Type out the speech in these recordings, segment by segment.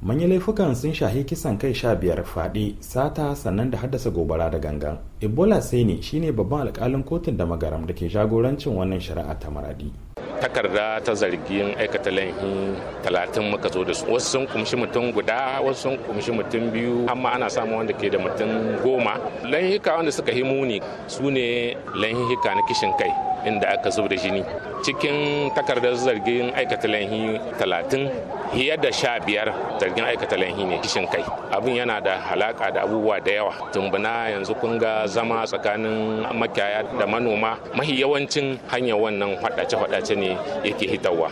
manyan laifukan sun shahi kisan kai sha biyar faɗi sata sannan da haddasa gobara da gangan ebola shi shine babban alkalin kotun da magaram da ke jagorancin wannan shari'a ta maradi takarda ta zargin aikata laifin talatin muka zo da su wasu sun kumshi mutum guda wasu sun kumshi mutum biyu amma ana samun wanda ke da mutum goma laihika wanda suka ne su ne laihika na kishin kai inda aka zub da jini cikin takardar zargin aikata laihi talatin fiye da sha biyar zargin aikata laihi ne kishin kai abin yana da halaka da abubuwa da yawa tumbuna yanzu kun ga zama tsakanin makiyaya da manoma mahi yawancin hanyar wannan faɗace-faɗace ne yake hitarwa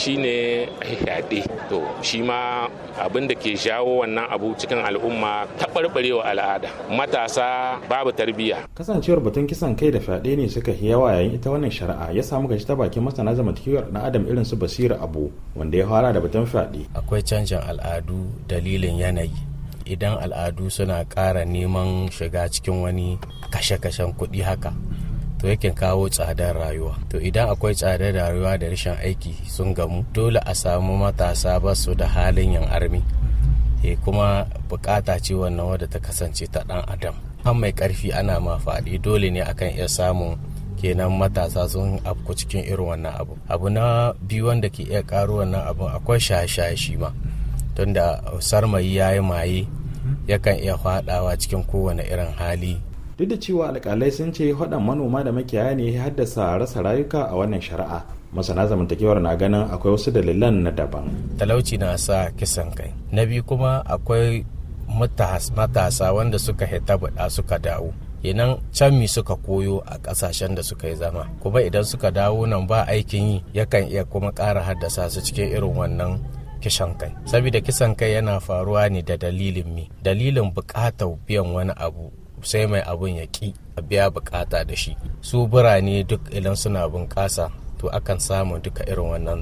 shine yaɗe to shi ma abin da ke jawo wannan abu cikin al'umma taɓarɓarewa al'ada matasa babu tarbiya. kasancewar batun kisan kai da fyaɗe ne suka yawa yayin ita wannan shari'a ya samu gaji ta bakin masana zamantakewar na adam irin su basira abu wanda ya fara da batun fyaɗe akwai canjin al'adu dalilin yanayi idan al'adu suna ƙara neman shiga cikin wani kashe-kashen kuɗi haka to yakin kawo tsadar rayuwa to idan akwai tsadar rayuwa da rashin aiki sun gamu dole a samu matasa ba su da halin yan armi e kuma bukata ce wannan wadda ta kasance ta dan adam an mai karfi ana ma faɗi dole ne akan iya samun kenan matasa sun afku cikin irin wannan abu abu na biyu wanda ke iya karo wannan abu akwai shaye-shaye shi ma tunda sarmayi ya yi maye yakan iya faɗawa cikin kowane irin hali duk da cewa alkalai sun ce haɗan manoma da makiyaya ne ya haddasa rasa rayuka a wannan shari'a masana zamantakewar na ganin akwai wasu dalilan na daban talauci na sa kisan kai na biyu kuma akwai matasa wanda suka hita buɗa suka dawo idan can mi suka koyo a ƙasashen da suka yi zama kuma idan suka dawo nan ba aikin yi yakan iya kuma ƙara haddasa su cikin irin wannan kishan kai saboda kisan kai yana faruwa ne da dalilin mi dalilin buƙatar biyan wani abu sai mai abun ya ƙi a biya bukata da shi su birane duk idan suna bunƙasa to akan samu duka irin wannan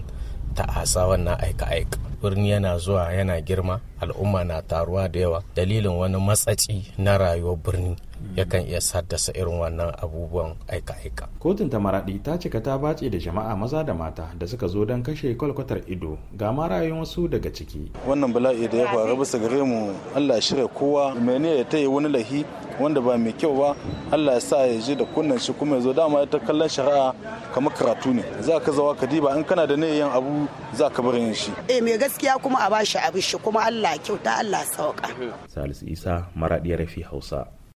ta'asa wannan aika-aika birni yana zuwa yana girma al'umma na taruwa da yawa dalilin wani matsaci na rayuwar birni yakan iya saddasa irin wannan abubuwan aika-aika. Kotun ta maraɗi ta cika ta bace da jama'a maza da mata da suka zo don kashe kwalkwatar ido ga ma rayuwar wasu daga ciki. Wannan bala'i da ya faru bisa gare mu Allah shirya kowa mene ya ta yi wani lahi wanda ba mai kyau ba Allah ya sa ya je da kunnan shi kuma ya zo dama ta kallon shari'a kamar karatu ne za ka zawa ka diba in kana da ne yin abu za ka yin shi. Eh mai gaskiya kuma a bashi abin shi kuma Allah Allah kyauta Allah sauka. Salisu Isa Maraɗi Rafi Hausa